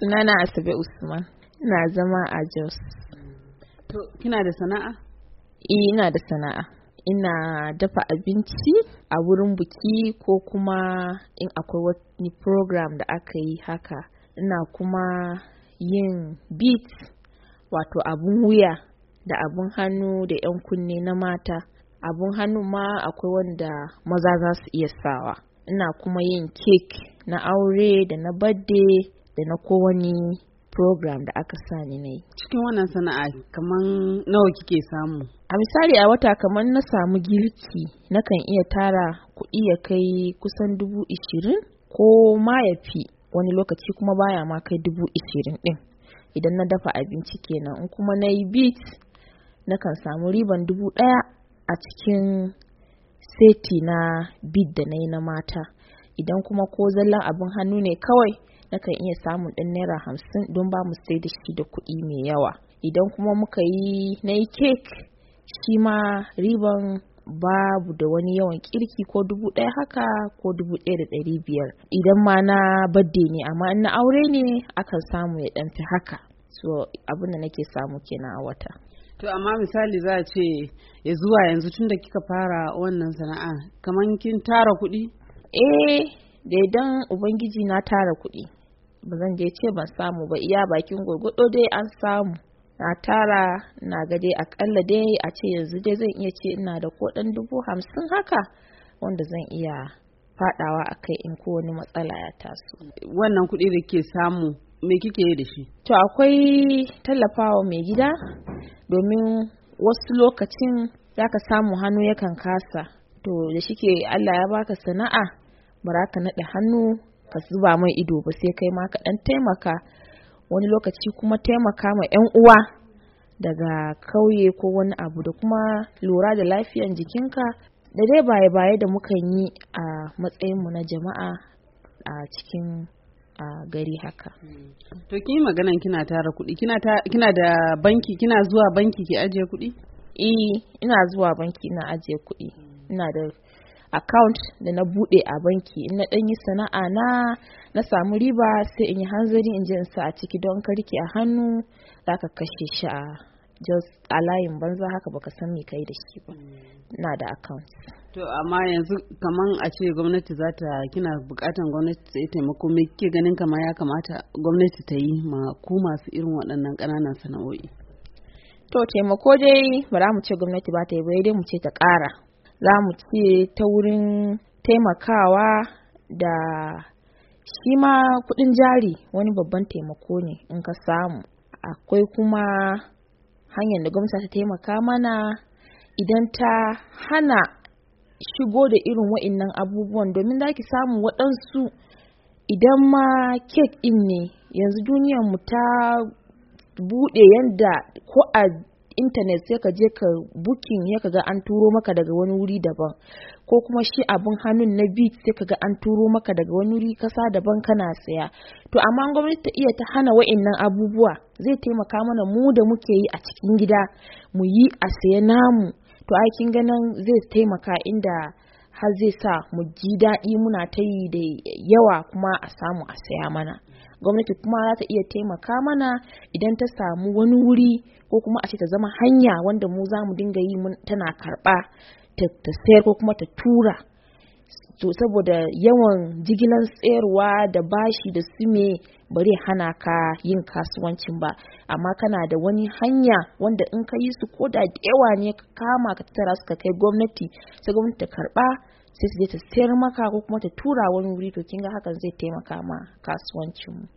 sunana asabe usman ina zama a jos to kina da sana'a eh, ina da sana'a ina dafa abinci a wurin buki ko kuma in akwai wani program da aka yi haka ina kuma yin beat wato abun wuya da abun hannu da 'yan kunne na mata abun hannu ma akwai wanda maza za su iya sawa ina kuma yin kek na aure da na birthday da na ko program da aka sa ni na Cikin wannan sana'a kaman nawa kike samu? A misali a wata kaman na samu girki na kan iya tara kuɗi ya kai kusan dubu ishirin ko ma ya fi wani lokaci kuma baya ma kai dubu ishirin ɗin. Idan na dafa abinci kenan in kuma na yi bit kan samu riban dubu ɗaya a cikin seti na bid da na yi na mata. Idan kuma ko zallan abin hannu ne kawai nakan iya samun ɗan naira hamsin don ba mu sai da shi da kuɗi mai yawa idan kuma muka yi na yi kek shi ma riban babu da wani yawan kirki ko dubu ɗaya haka ko dubu ɗaya da ɗari biyar idan ma na badde ne amma in na aure ne akan samu ya ɗan fi haka so abin da nake samu kenan a wata to amma misali za a ce ya zuwa yanzu tun da kika fara wannan sana'a kamar kin tara kuɗi eh da idan ubangiji na tara kuɗi ba zan je ce ban samu ba iya bakin gurgudo dai an samu na tara na ga dai akalla dai a ce yanzu dai zan iya ce ina da ko dan dubu hamsin haka wanda zan iya fadawa a kai in wani matsala ya taso wannan kuɗi da ke samu me kike yi da shi to akwai tallafawa mai gida domin wasu lokacin zaka samu hannu yakan kasa to da shike Allah ya baka sana'a baraka ka naɗe hannu ka zuba mai ido ba sai kai ma ka dan taimaka wani lokaci kuma taimaka ma 'yan uwa daga kauye ko wani abu da kuma lura da lafiyan jikinka da dai baya baya da mukan yi a matsayinmu na jama'a a cikin a gari haka. To kin yi maganan kina tara kuɗi kina ta kina da banki kina zuwa banki ki ajiye kuɗi? Eh ina zuwa banki ina ajiye kuɗi ina da account da na bude a banki in na dan yi sana'a na na samu riba sai in yi hanzari in je in sa a ciki don ka rike a hannu zaka kashe shi a just a layin banza haka baka san me kai da shi ba na da account to amma yanzu kaman a ce gwamnati za ta kina bukatan gwamnati ta yi taimako me kike ganin kama ya kamata gwamnati ta yi ma ku masu irin waɗannan ƙananan sana'o'i to taimako dai ba za mu ce gwamnati ba ta yi ba dai mu ce ta ƙara za mu ce ta wurin taimakawa da shi ma kudin jari wani babban taimako ne in ka samu akwai kuma hanyar da gwamnati ta taimaka mana idan ta hana shigo da irin waannan abubuwan domin za ki samu waɗansu idan ma kek ɗin ne yanzu duniyar mu ta buɗe yadda ko a intanet sai ka je ka booking ya kaga an turo maka daga wani wuri daban ko kuma shi abin hannun na bit sai kaga an turo maka daga wani wuri kasa daban kana saya to amma gwamnati ta iya ta hana wa'annan abubuwa zai taimaka mana mu da muke yi a cikin gida mu yi a saya namu to aikin ganin zai taimaka inda har zai sa mu ji daɗi muna ta yi da yawa kuma a samu a saya mana gwamnati kuma za ta iya taimaka mana idan ta samu wani wuri ko kuma a ce ta zama hanya wanda mu za mu dinga yi tana karɓa ta sayar ko kuma ta tura to saboda yawan jigilan tsayarwa da bashi da sume bari hana ka yin kasuwancin ba amma kana da wani hanya wanda in ka yi su ko da yawa ne ka kama ka tara su ka kai gwamnati sai gwamnati ta karba sai su je ta sayar maka ko kuma ta tura wani wuri to kinga hakan zai taimaka ma kasuwancin mu